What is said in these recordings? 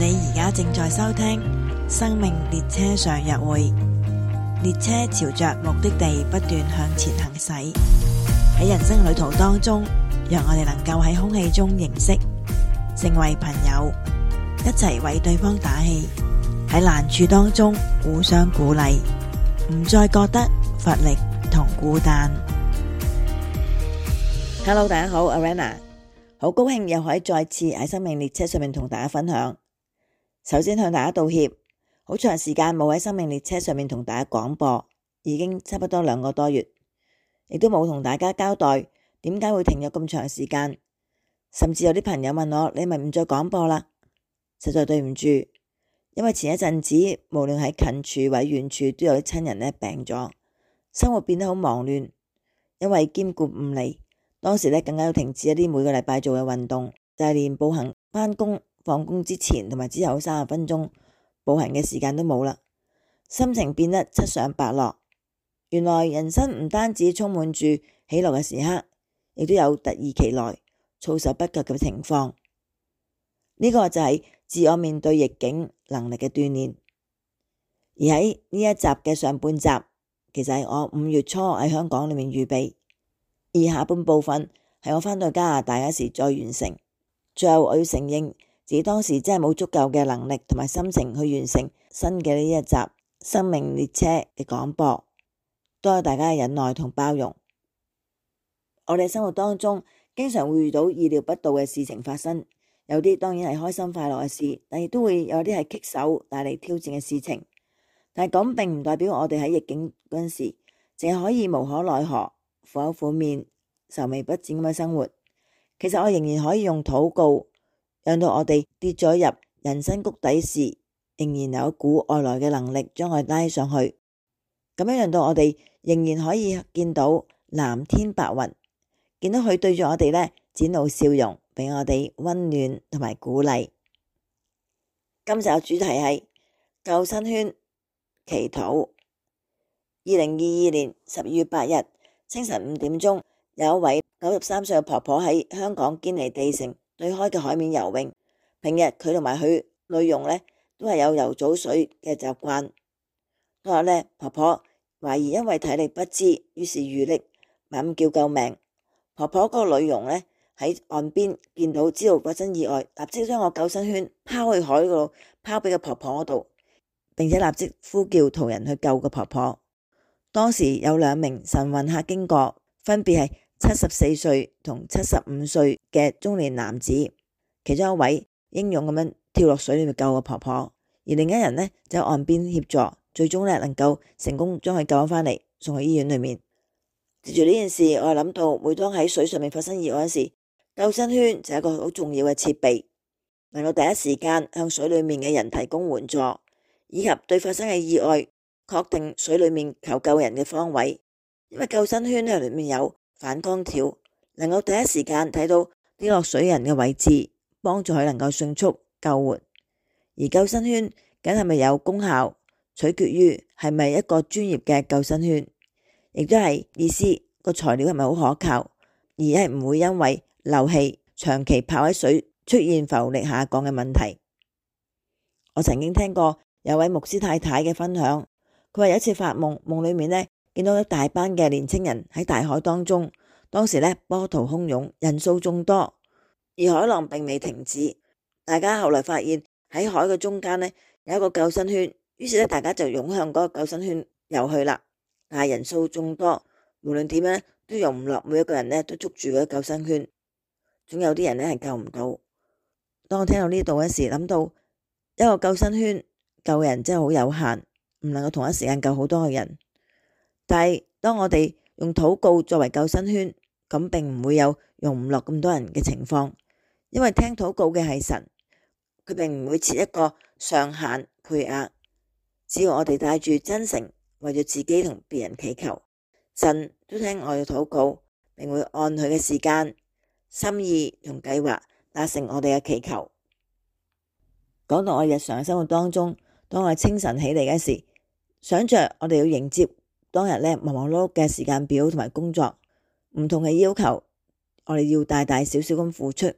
你而家正在收聽生命列車上入會，列車朝着目的地不斷向前行駛。喺人生旅途當中，讓我哋能夠喺空氣中認識，成為朋友，一齊為對方打氣。喺難處當中互相鼓勵，唔再覺得乏力同孤單。Hello，大家好，Rana，好高興又可以再次喺生命列車上面同大家分享。首先向大家道歉，好長時間冇喺生命列車上面同大家廣播，已經差不多兩個多月，亦都冇同大家交代點解會停咗咁長時間，甚至有啲朋友問我，你咪唔再廣播啦？實在對唔住，因為前一陣子無論喺近處或遠處都有啲親人咧病咗，生活變得好忙亂，因為兼顧唔嚟。當時咧更加要停止一啲每個禮拜做嘅運動，就係連步行返工。放工之前同埋之後三十分鐘步行嘅時間都冇啦，心情變得七上八落。原來人生唔單止充滿住喜樂嘅時刻，亦都有突如其來措手不及嘅情況。呢個就係自我面對逆境能力嘅鍛煉。而喺呢一集嘅上半集，其實係我五月初喺香港裏面預備，而下半部分係我返到加拿大時再完成。最後我要承認，自己當時真係冇足夠嘅能力同埋心情去完成新嘅呢一集《生命列車》嘅廣播，多謝大家嘅忍耐同包容。我哋生活當中經常會遇到意料不到嘅事情發生，有啲當然係開心快樂嘅事，但亦都會有啲係棘手、帶嚟挑戰嘅事情。但係咁並唔代表我哋喺逆境嗰陣時淨係可以無可奈何、苦口苦面、愁眉不展咁樣生活。其實我仍然可以用禱告。讓到我哋跌咗入人生谷底時，仍然有一股外來嘅能力將我哋拉上去，咁樣讓到我哋仍然可以見到藍天白雲，見到佢對住我哋呢展露笑容，俾我哋温暖同埋鼓勵。今集主題係救生圈祈禱。二零二二年十二月八日清晨五點鐘，有一位九十三歲嘅婆婆喺香港堅尼地城。對開嘅海面游泳，平日佢同埋佢女傭呢都係有游早水嘅習慣。嗰日呢，婆婆懷疑因為體力不支，於是遇溺猛叫救命。婆婆嗰個女傭呢喺岸邊見到知道發生意外，立即將個救生圈拋去海嗰度，拋俾個婆婆嗰度，並且立即呼叫途人去救個婆婆。當時有兩名晨運客經過，分別係七十四歲同七十五歲嘅中年男子，其中一位英勇咁樣跳落水裏面救個婆婆，而另一人呢就喺岸邊協助，最終呢能夠成功將佢救翻翻嚟，送去醫院裏面。接住呢件事，我又諗到每當喺水上面發生意外時，救生圈就係一個好重要嘅設備，能夠第一時間向水裏面嘅人提供援助，以及對發生嘅意外，確定水裏面求救人嘅方位。因為救生圈呢裏面有反光條，能夠第一時間睇到。啲落水人嘅位置，幫助佢能夠迅速救援。而救生圈梗係咪有功效，取決於係咪一個專業嘅救生圈，亦都係意思個材料係咪好可靠，而係唔會因為漏氣，長期泡喺水出現浮力下降嘅問題。我曾經聽過有位牧師太太嘅分享，佢話有一次發夢，夢裏面呢見到一大班嘅年青人喺大海當中。當時呢波濤洶湧，人數眾多，而海浪並未停止。大家後來發現喺海嘅中間呢，有一個救生圈，於是呢大家就湧向嗰個救生圈游去啦。但係人數眾多，無論點樣都容唔落，每一個人呢都捉住嗰個救生圈，總有啲人呢係救唔到。當我聽到呢度嘅時，諗到一個救生圈救人真係好有限，唔能夠同一時間救好多個人。但係當我哋用禱告作為救生圈，咁並唔會有容唔落咁多人嘅情況，因為聽禱告嘅係神，佢並唔會設一個上限配額，只要我哋帶住真誠，為咗自己同別人祈求，神都聽我哋禱告，並會按佢嘅時間、心意同計劃達成我哋嘅祈求。講到我日常生活當中，當我清晨起嚟嘅時，想着我哋要迎接。當日咧忙忙碌碌嘅時間表同埋工作，唔同嘅要求，我哋要大大小小咁付出。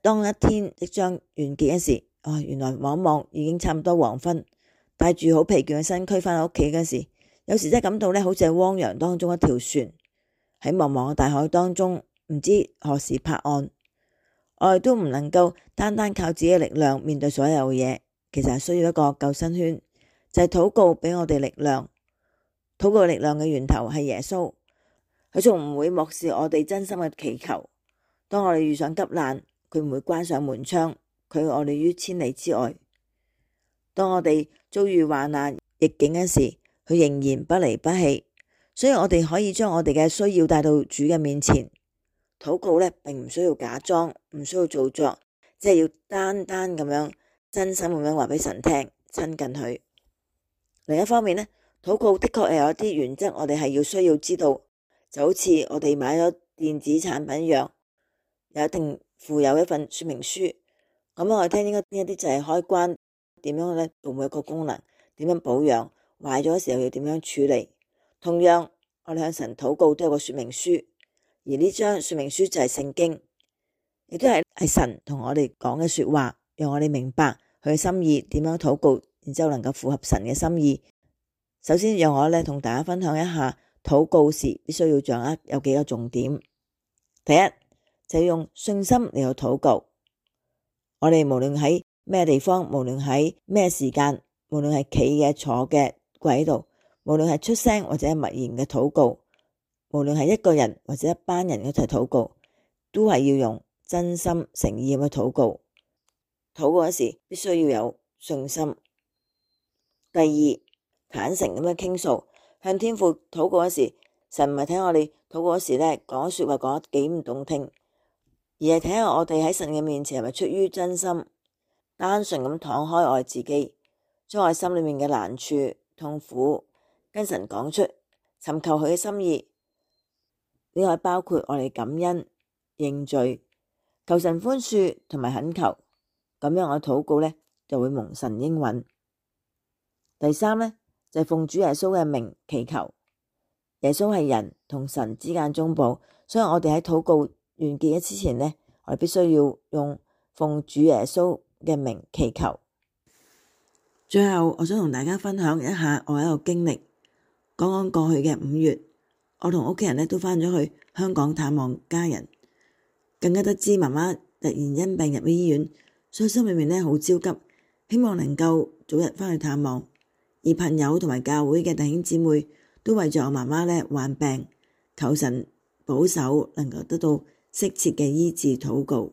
當一天即將完結嗰時，啊，哦，原來往往已經差唔多黃昏，帶住好疲倦嘅身軀返到屋企嗰時，有時真係感到咧，好似係汪洋當中一條船喺茫茫嘅大海當中，唔知何時泊岸。我哋都唔能夠單單靠自己嘅力量面對所有嘢，其實係需要一個救生圈，就係、是、禱告畀我哋力量。禱告力量嘅源頭係耶穌，佢仲唔會漠視我哋真心嘅祈求。當我哋遇上急難，佢唔會關上門窗，佢我哋於千里之外。當我哋遭遇患難逆境嗰時，佢仍然不離不棄。所以我哋可以將我哋嘅需要帶到主嘅面前禱告咧，並唔需要假裝，唔需要做作，即係要單單咁樣真心咁樣話俾神聽，親近佢。另一方面咧。禱告的確有一啲原則，我哋係要需要知道，就好似我哋買咗電子產品一樣，有一定附有一份說明書。咁我哋聽呢一啲就係開關點樣咧，同每一個功能點樣保養，壞咗嘅時候要點樣處理。同樣我哋向神禱告都有個說明書，而呢張說明書就係聖經，亦都係係神同我哋講嘅說話，讓我哋明白佢嘅心意，點樣禱告，然之後能夠符合神嘅心意。首先，讓我嚟同大家分享一下禱告時必須要掌握有幾個重點。第一，就用信心嚟到禱告。我哋無論喺咩地方，無論喺咩時間，無論係企嘅、坐嘅、跪喺度，無論係出聲或者係默然嘅禱告，無論係一個人或者一班人一齊禱告，都係要用真心誠意去禱告。禱告時必須要有信心。第二。坦誠咁樣傾訴，向天父禱告嗰時，神唔係睇我哋禱告嗰時咧講說，說話講得幾唔動聽，而係睇下我哋喺神嘅面前係咪出於真心，單純咁敞開我自己，將我心裏面嘅難處、痛苦跟神講出，尋求佢嘅心意。呢個包括我哋感恩、認罪、求神寬恕同埋懇求，咁樣我禱告咧就會蒙神應允。第三咧。就係奉主耶穌嘅名祈求，耶穌係人同神之間中保，所以我哋喺禱告完結一之前呢，我哋必須要用奉主耶穌嘅名祈求。最後，我想同大家分享一下我一個經歷。剛剛過去嘅五月，我同屋企人呢都翻咗去香港探望家人，更加得知媽媽突然因病入咗醫院，所以心裡面呢好焦急，希望能夠早日翻去探望。而朋友同埋教會嘅弟兄姊妹都為著我媽媽咧患病，求神保守，能夠得到適切嘅醫治禱告。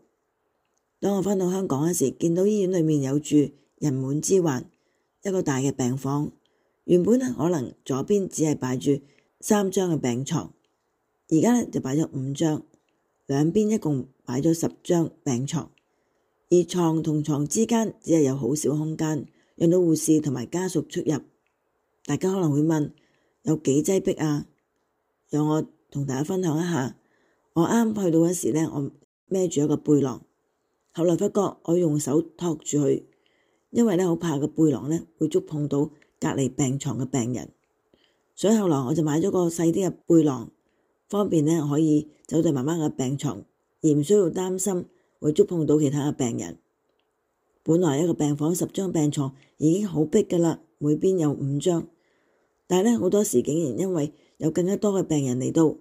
當我返到香港嗰時，見到醫院裏面有住人滿之患，一個大嘅病房，原本咧可能左邊只係擺住三張嘅病床，而家咧就擺咗五張，兩邊一共擺咗十張病床，而床同床之間只係有好少空間。讓到護士同埋家屬出入，大家可能會問有幾擠迫啊？讓我同大家分享一下，我啱去到嗰時呢，我孭住一個背囊，後來發覺我用手托住佢，因為呢好怕個背囊呢會觸碰到隔籬病床嘅病人，所以後來我就買咗個細啲嘅背囊，方便呢可以走到媽媽嘅病床，而唔需要擔心會觸碰到其他嘅病人。本來一個病房十張病床已經好逼噶啦，每邊有五張，但係咧好多時竟然因為有更加多嘅病人嚟到，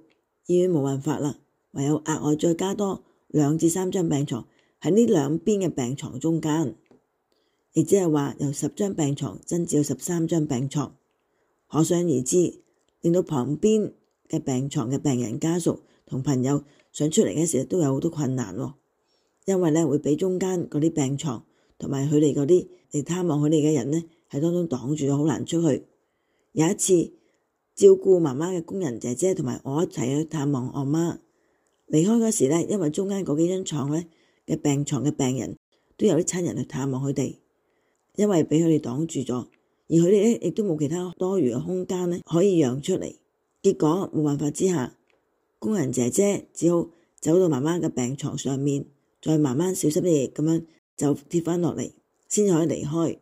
醫院冇辦法啦，唯有額外再加多兩至三張病床喺呢兩邊嘅病床中間。亦即係話由十張病床增至十三張病床，可想而知，令到旁邊嘅病床嘅病人家屬同朋友想出嚟嘅時候都有好多困難，因為咧會俾中間嗰啲病床。同埋佢哋嗰啲嚟探望佢哋嘅人呢，喺當中擋住咗，好難出去。有一次照顧媽媽嘅工人姐姐同埋我一齊去探望我媽離開嗰時呢，因為中間嗰幾張床呢嘅病床嘅病人都有啲親人去探望佢哋，因為俾佢哋擋住咗，而佢哋呢亦都冇其他多餘嘅空間呢可以讓出嚟。結果冇辦法之下，工人姐姐只好走到媽媽嘅病床上面，再慢慢小心翼翼咁樣。就貼返落嚟，先可以離開。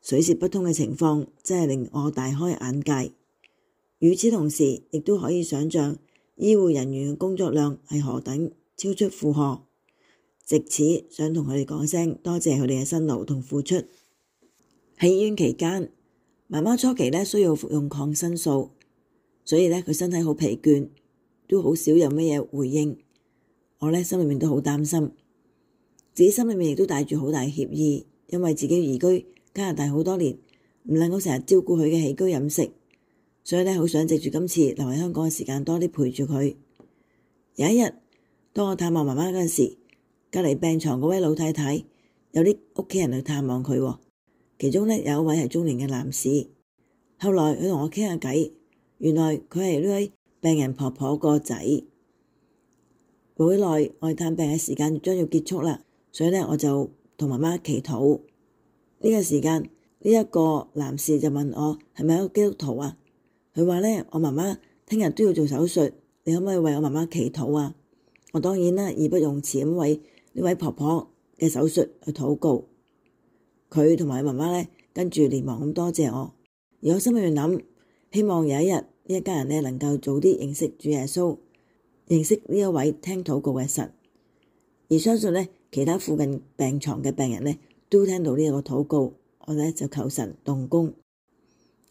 水泄不通嘅情況真係令我大開眼界。與此同時，亦都可以想象醫護人員嘅工作量係何等超出負荷。借此想同佢哋講聲多謝，佢哋嘅辛勞同付出。喺醫院期間，媽媽初期咧，需要服用抗生素，所以咧，佢身體好疲倦，都好少有乜嘢回應。我咧心裏面都好擔心。自己心裏面亦都帶住好大嘅歉意，因為自己移居加拿大好多年，唔能夠成日照顧佢嘅起居飲食，所以咧好想藉住今次留喺香港嘅時間多啲陪住佢。有一日，當我探望媽媽嗰陣時，隔籬病床嗰位老太太有啲屋企人去探望佢，其中咧有一位係中年嘅男士。後來佢同我傾下偈，原來佢係呢位病人婆婆個仔。冇幾耐，我探病嘅時間將要結束啦。所以咧，我就同媽媽祈禱呢個時間。呢一個男士就問我係咪一個基督徒啊？佢話咧，我媽媽聽日都要做手術，你可唔可以為我媽媽祈禱啊？我當然啦，義不容辭咁為呢位婆婆嘅手術去禱告。佢同埋媽媽咧，跟住連忙咁多謝我。而我心入面諗，希望有一日呢一家人咧能夠早啲認識主耶穌，認識呢一位聽禱告嘅神，而相信咧。其他附近病床嘅病人呢，都聽到呢一個禱告，我呢，就求神動工，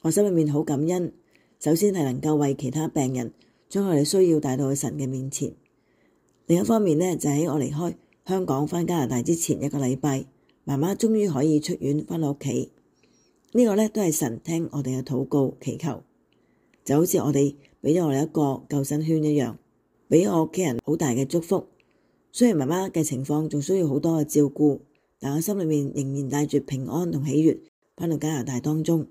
我心裏面好感恩。首先係能夠為其他病人將我哋需要帶到去神嘅面前，另一方面呢，就喺我離開香港返加拿大之前一個禮拜，媽媽終於可以出院返到屋企，呢個呢，都係神聽我哋嘅禱告祈求，就好似我哋俾咗我哋一個救生圈一樣，俾我屋企人好大嘅祝福。雖然媽媽嘅情況仲需要好多嘅照顧，但我心裏面仍然帶住平安同喜悦，返到加拿大當中。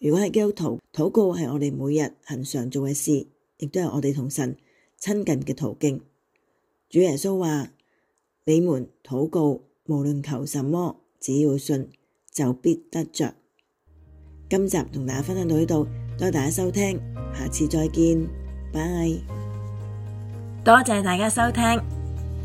如果係基督徒，禱告係我哋每日恒常做嘅事，亦都係我哋同神親近嘅途徑。主耶穌話：你們禱告，無論求什麼，只要信，就必得着。今集同大家分享到呢度，多謝大家收聽，下次再見，拜。多謝大家收聽。